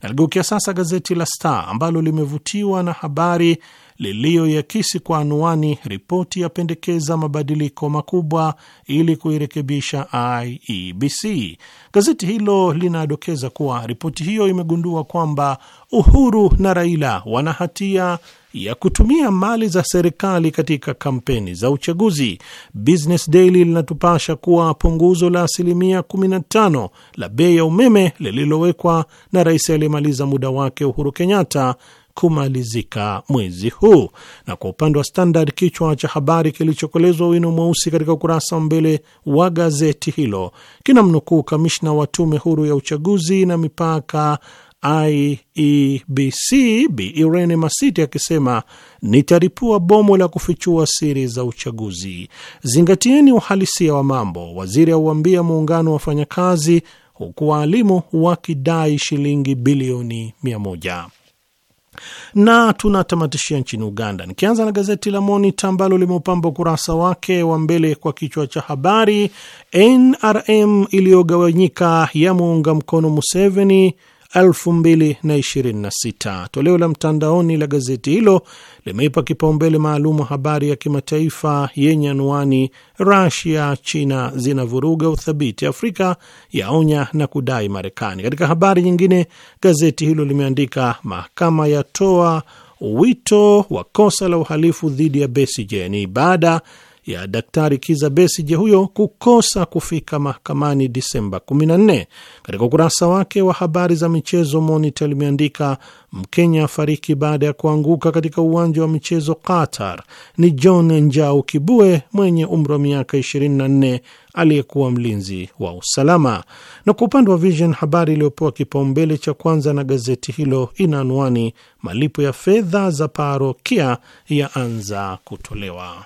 Naligeukia sasa gazeti la Star ambalo limevutiwa na habari liliyoyakisi kwa anuani, ripoti yapendekeza mabadiliko makubwa ili kuirekebisha IEBC. Gazeti hilo linadokeza kuwa ripoti hiyo imegundua kwamba Uhuru na Raila wana hatia ya kutumia mali za serikali katika kampeni za uchaguzi. Business Daily linatupasha kuwa punguzo la asilimia 15 la bei ya umeme lililowekwa na rais aliyemaliza muda wake Uhuru Kenyatta kumalizika mwezi huu. Na kwa upande wa Standard, kichwa cha habari kilichokolezwa wino mweusi katika ukurasa wa mbele wa gazeti hilo kinamnukuu kamishna wa tume huru ya uchaguzi na mipaka IEBC Bi Irene Masiti akisema nitaripua bomu la kufichua siri za uchaguzi. Zingatieni uhalisia wa mambo, waziri auambia muungano wa wafanyakazi, huku waalimu wakidai shilingi bilioni mia moja na tunatamatishia nchini Uganda, nikianza na gazeti la Monita ambalo limeupamba ukurasa wake wa mbele kwa kichwa cha habari NRM iliyogawanyika ya muunga mkono Museveni 2026. Toleo la mtandaoni la gazeti hilo limeipa kipaumbele maalumu habari ya kimataifa yenye anwani Rusia, China zinavuruga uthabiti Afrika, yaonya na kudai Marekani. Katika habari nyingine, gazeti hilo limeandika mahakama yatoa wito wa kosa la uhalifu dhidi ya Besigye ni ibada ya Daktari Kiza Besije huyo kukosa kufika mahakamani Disemba 14. Katika ukurasa wake wa habari za michezo, Monitor limeandika Mkenya afariki baada ya kuanguka katika uwanja wa michezo Qatar. Ni John Njau Kibue mwenye umri wa miaka 24 aliyekuwa mlinzi wa usalama. Na kwa upande wa Vision, habari iliyopewa kipaumbele cha kwanza na gazeti hilo ina anwani malipo ya fedha za parokia yaanza kutolewa.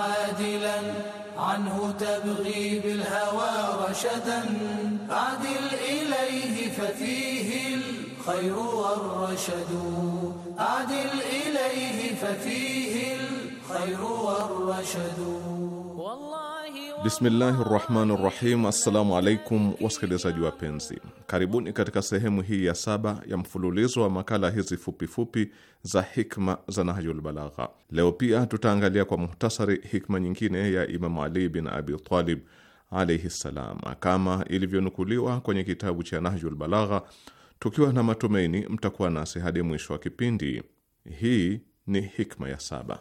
عادلا عنه تبغي بالهوى رشدا عدل إليه ففيه الخير والرشد عدل إليه ففيه الخير والرشد والله Bismillahi rahmani rahim. Assalamu alaikum wasikilizaji wapenzi, karibuni katika sehemu hii ya saba ya mfululizo wa makala hizi fupifupi fupi za hikma za Nahjul Balagha. Leo pia tutaangalia kwa muhtasari hikma nyingine ya Imamu Ali bin Abi Talib alaihi ssalam, kama ilivyonukuliwa kwenye kitabu cha Nahjul Balagha, tukiwa na matumaini mtakuwa nasi hadi mwisho wa kipindi. Hii ni hikma ya saba.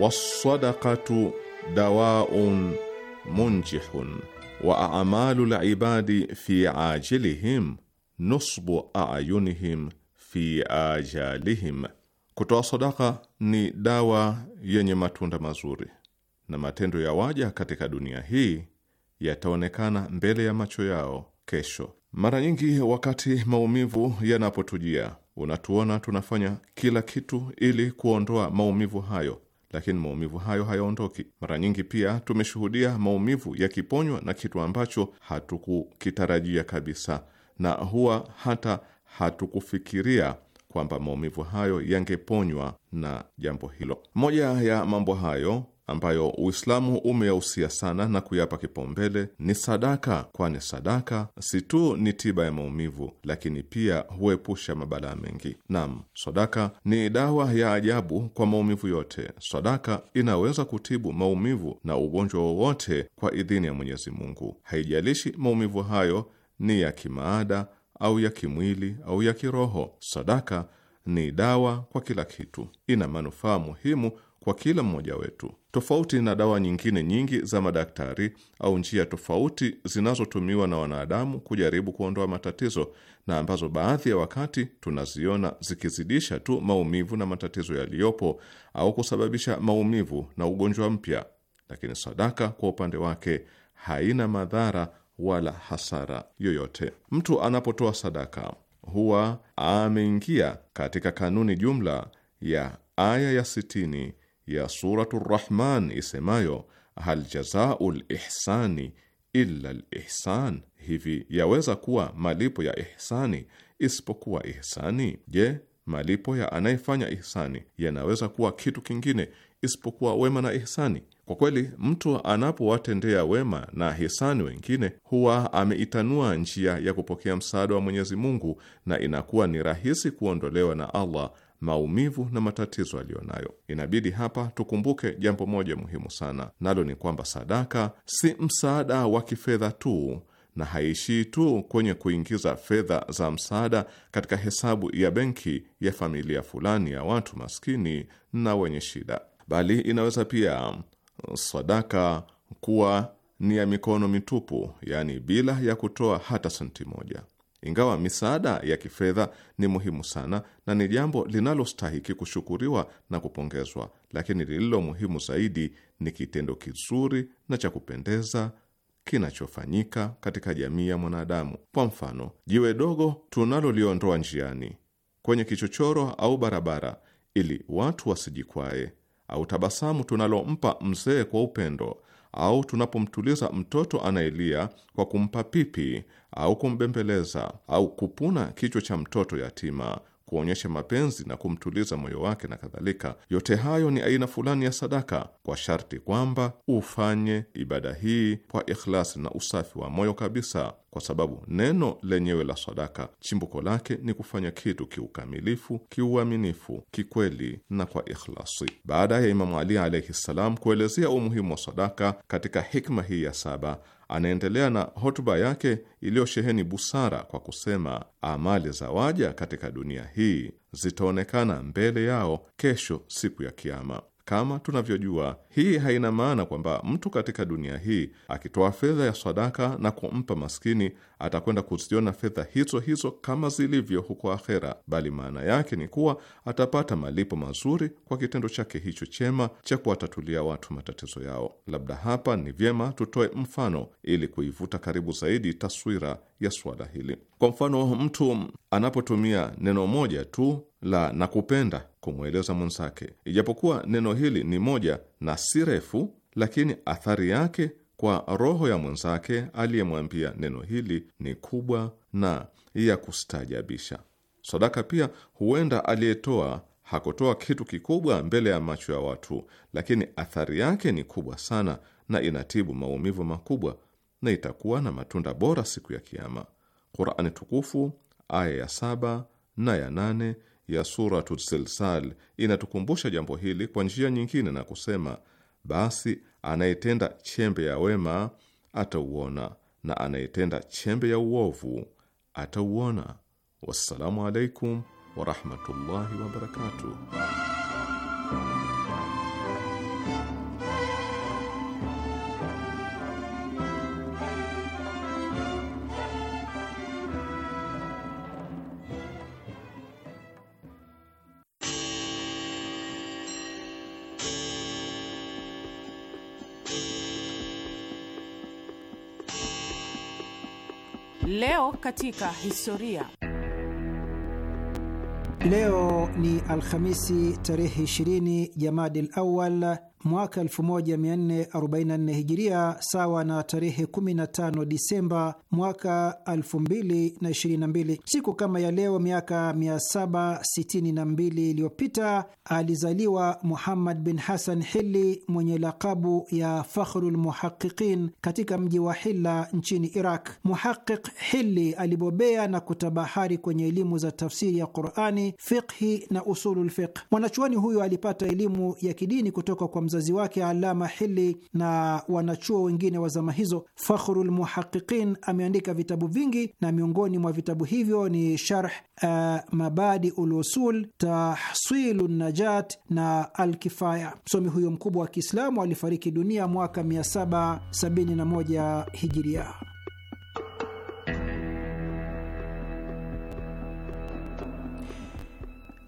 wassadaqatu dawaun munjihun wa amalu libadi fi ajilihim nusbu ayunihim fi ajalihim, kutoa sadaka ni dawa yenye matunda mazuri, na matendo ya waja katika dunia hii yataonekana mbele ya macho yao kesho. Mara nyingi wakati maumivu yanapotujia, unatuona tunafanya kila kitu ili kuondoa maumivu hayo lakini maumivu hayo hayaondoki. Mara nyingi pia tumeshuhudia maumivu yakiponywa na kitu ambacho hatukukitarajia kabisa, na huwa hata hatukufikiria kwamba maumivu hayo yangeponywa na jambo hilo. Moja ya mambo hayo ambayo Uislamu umeyahusia sana na kuyapa kipaumbele ni sadaka, kwani sadaka si tu ni tiba ya maumivu, lakini pia huepusha mabalaa mengi. Naam, sadaka ni dawa ya ajabu kwa maumivu yote. Sadaka inaweza kutibu maumivu na ugonjwa wowote kwa idhini ya Mwenyezi Mungu, haijalishi maumivu hayo ni ya kimaada au ya kimwili au ya kiroho. Sadaka ni dawa kwa kila kitu, ina manufaa muhimu kwa kila mmoja wetu, tofauti na dawa nyingine nyingi za madaktari au njia tofauti zinazotumiwa na wanadamu kujaribu kuondoa matatizo na ambazo baadhi ya wakati tunaziona zikizidisha tu maumivu na matatizo yaliyopo au kusababisha maumivu na ugonjwa mpya. Lakini sadaka kwa upande wake haina madhara wala hasara yoyote. Mtu anapotoa sadaka huwa ameingia katika kanuni jumla ya aya ya sitini ya Suratu Rahman isemayo hal jazau lihsani illa lihsan, hivi yaweza kuwa malipo ya ihsani isipokuwa ihsani? Je, malipo ya anayefanya ihsani yanaweza kuwa kitu kingine isipokuwa wema na ihsani? Kwa kweli mtu anapowatendea wema na hisani wengine huwa ameitanua njia ya kupokea msaada wa Mwenyezi Mungu na inakuwa ni rahisi kuondolewa na Allah maumivu na matatizo aliyonayo. Inabidi hapa tukumbuke jambo moja muhimu sana, nalo ni kwamba sadaka si msaada wa kifedha tu na haishii tu kwenye kuingiza fedha za msaada katika hesabu ya benki ya familia fulani ya watu maskini na wenye shida, bali inaweza pia sadaka kuwa ni ya mikono mitupu, yaani bila ya kutoa hata senti moja. Ingawa misaada ya kifedha ni muhimu sana na ni jambo linalostahiki kushukuriwa na kupongezwa, lakini lililo muhimu zaidi ni kitendo kizuri na cha kupendeza kinachofanyika katika jamii ya mwanadamu. Kwa mfano, jiwe dogo tunaloliondoa njiani kwenye kichochoro au barabara, ili watu wasijikwae, au tabasamu tunalompa mzee kwa upendo au tunapomtuliza mtoto anayelia kwa kumpa pipi au kumbembeleza au kupuna kichwa cha mtoto yatima kuonyesha mapenzi na kumtuliza moyo wake na kadhalika. Yote hayo ni aina fulani ya sadaka, kwa sharti kwamba ufanye ibada hii kwa ikhlasi na usafi wa moyo kabisa, kwa sababu neno lenyewe la sadaka chimbuko lake ni kufanya kitu kiukamilifu, kiuaminifu, kikweli na kwa ikhlasi. Baada ya Imamu Ali alaihi ssalam kuelezea umuhimu wa sadaka katika hikma hii ya saba anaendelea na hotuba yake iliyosheheni busara kwa kusema, amali za waja katika dunia hii zitaonekana mbele yao kesho, siku ya Kiama. Kama tunavyojua hii haina maana kwamba mtu katika dunia hii akitoa fedha ya sadaka na kumpa maskini atakwenda kuziona fedha hizo hizo kama zilivyo huko akhera, bali maana yake ni kuwa atapata malipo mazuri kwa kitendo chake hicho chema cha kuwatatulia watu matatizo yao. Labda hapa ni vyema tutoe mfano ili kuivuta karibu zaidi taswira ya suala hili. Kwa mfano, mtu anapotumia neno moja tu la nakupenda kumweleza mwenzake, ijapokuwa neno hili ni moja na si refu, lakini athari yake kwa roho ya mwenzake aliyemwambia neno hili ni kubwa na ya kustajabisha Sadaka pia huenda aliyetoa hakutoa kitu kikubwa mbele ya macho ya watu, lakini athari yake ni kubwa sana na inatibu maumivu makubwa na itakuwa na matunda bora siku ya Kiama. Qurani Tukufu aya ya saba na ya nane ya Suratu Selsal inatukumbusha jambo hili kwa njia nyingine na kusema, basi anayetenda chembe ya wema atauona na anayetenda chembe ya uovu atauona. Wassalamu alaikum warahmatullahi wabarakatuh. Leo katika historia. Leo ni Alhamisi tarehe 20 Jamadil Awal mwaka 1444 hijiria sawa na tarehe 15 Disemba mwaka 2022. Siku kama ya leo miaka 762 iliyopita alizaliwa Muhammad bin Hasan Hili mwenye lakabu ya Fakhrul Muhaqiqin katika mji wa Hilla nchini Iraq. Muhaqiq Hili alibobea na kutabahari kwenye elimu za tafsiri ya Qurani, fiqhi na usulul fiqh. Mwanachuani huyo alipata elimu ya kidini kutoka kwa mza wazazi wake Alama Hili na wanachuo wengine wa zama hizo. Fakhrul Muhaqiqin ameandika vitabu vingi na miongoni mwa vitabu hivyo ni Sharh uh, eh, Mabadi Ulusul, Tahsilu Najat na Alkifaya. Msomi huyo mkubwa wa Kiislamu alifariki dunia mwaka 771 Hijiria.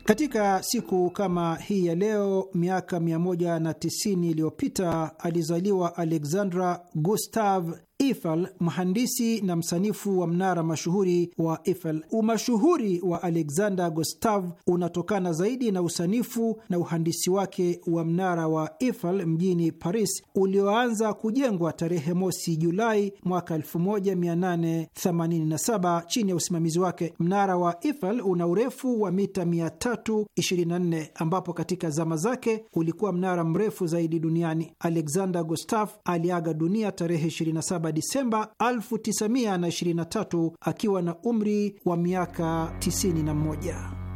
Katika siku kama hii ya leo miaka 190 iliyopita alizaliwa Alexandra Gustav Eiffel, mhandisi na msanifu wa mnara mashuhuri wa Eiffel. Umashuhuri wa Alexander Gustave unatokana zaidi na usanifu na uhandisi wake wa mnara wa Eiffel mjini Paris, ulioanza kujengwa tarehe mosi Julai mwaka 1887 chini ya usimamizi wake. Mnara wa Eiffel una urefu wa mita 324 ambapo katika zama zake ulikuwa mnara mrefu zaidi duniani. Alexander Gustave aliaga dunia tarehe 27 7 Disemba 1923 akiwa na umri wa miaka 91.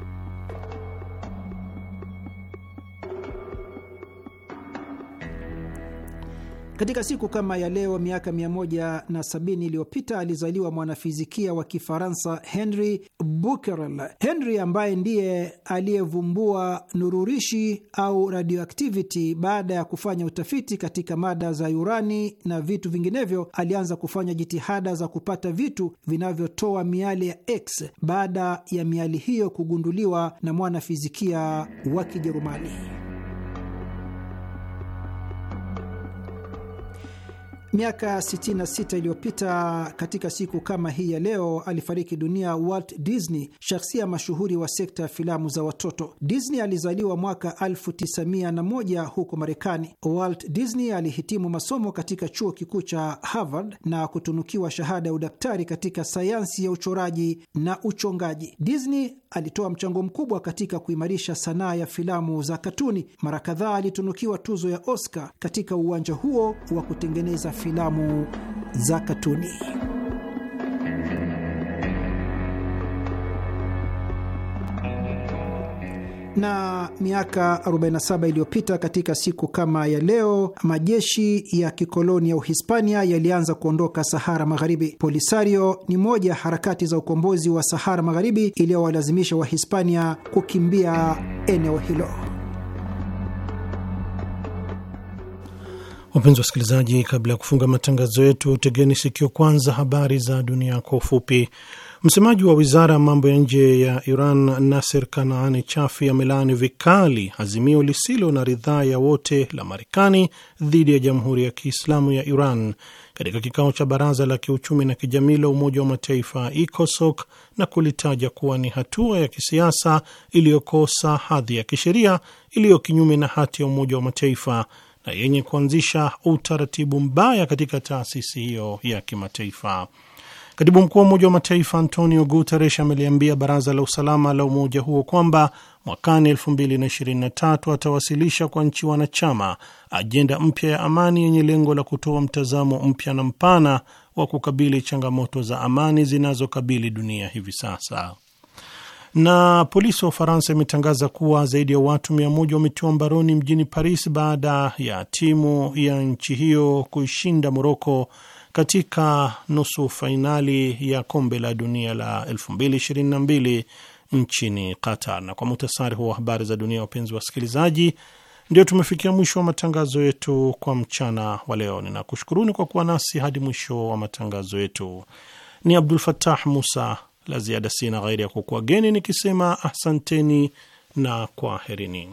Katika siku kama ya leo miaka 170 iliyopita alizaliwa mwanafizikia wa Kifaransa Henry Becquerel. Henry ambaye ndiye aliyevumbua nururishi au radioactivity, baada ya kufanya utafiti katika mada za urani na vitu vinginevyo, alianza kufanya jitihada za kupata vitu vinavyotoa miali ya X baada ya miali hiyo kugunduliwa na mwanafizikia wa Kijerumani. Miaka 66 iliyopita katika siku kama hii ya leo alifariki dunia Walt Disney, shahsia mashuhuri wa sekta ya filamu za watoto. Disney alizaliwa mwaka 1901 huko Marekani. Walt Disney alihitimu masomo katika chuo kikuu cha Harvard na kutunukiwa shahada ya udaktari katika sayansi ya uchoraji na uchongaji. Disney alitoa mchango mkubwa katika kuimarisha sanaa ya filamu za katuni. Mara kadhaa alitunukiwa tuzo ya Oscar katika uwanja huo wa kutengeneza filamu za katuni. na miaka 47 iliyopita katika siku kama ya leo, majeshi ya kikoloni ya Uhispania yalianza kuondoka Sahara Magharibi. Polisario ni moja ya harakati za ukombozi wa Sahara Magharibi iliyowalazimisha Wahispania kukimbia eneo hilo. Wapenzi wa wasikilizaji, kabla ya kufunga matangazo yetu, tegeni sikio kwanza habari za dunia kwa ufupi. Msemaji wa wizara ya mambo ya nje ya Iran Nasir Kanaani Chafi amelaani vikali azimio lisilo na ridhaa ya wote la Marekani dhidi ya Jamhuri ya Kiislamu ya Iran katika kikao cha Baraza la Kiuchumi na Kijamii la Umoja wa Mataifa ECOSOC na kulitaja kuwa ni hatua ya kisiasa iliyokosa hadhi ya kisheria iliyo kinyume na hati ya Umoja wa Mataifa na yenye kuanzisha utaratibu mbaya katika taasisi hiyo ya kimataifa. Katibu mkuu wa Umoja wa Mataifa Antonio Guterres ameliambia baraza la usalama la umoja huo kwamba mwakani 2023 atawasilisha kwa nchi wanachama ajenda mpya ya amani yenye lengo la kutoa mtazamo mpya na mpana wa kukabili changamoto za amani zinazokabili dunia hivi sasa. Na polisi wa Ufaransa imetangaza kuwa zaidi ya watu 100 wametiwa mbaroni mjini Paris baada ya timu ya nchi hiyo kuishinda Moroko katika nusu fainali ya kombe la dunia la 2022 nchini Qatar. Na kwa muhtasari huo wa habari za dunia, wapenzi wasikilizaji, ndio tumefikia mwisho wa matangazo yetu kwa mchana wa leo. Ninakushukuruni kwa kuwa nasi hadi mwisho wa matangazo yetu. Ni Abdul fatah Musa, la ziada sina ghairi ya kukuageni nikisema ahsanteni na kwaherini.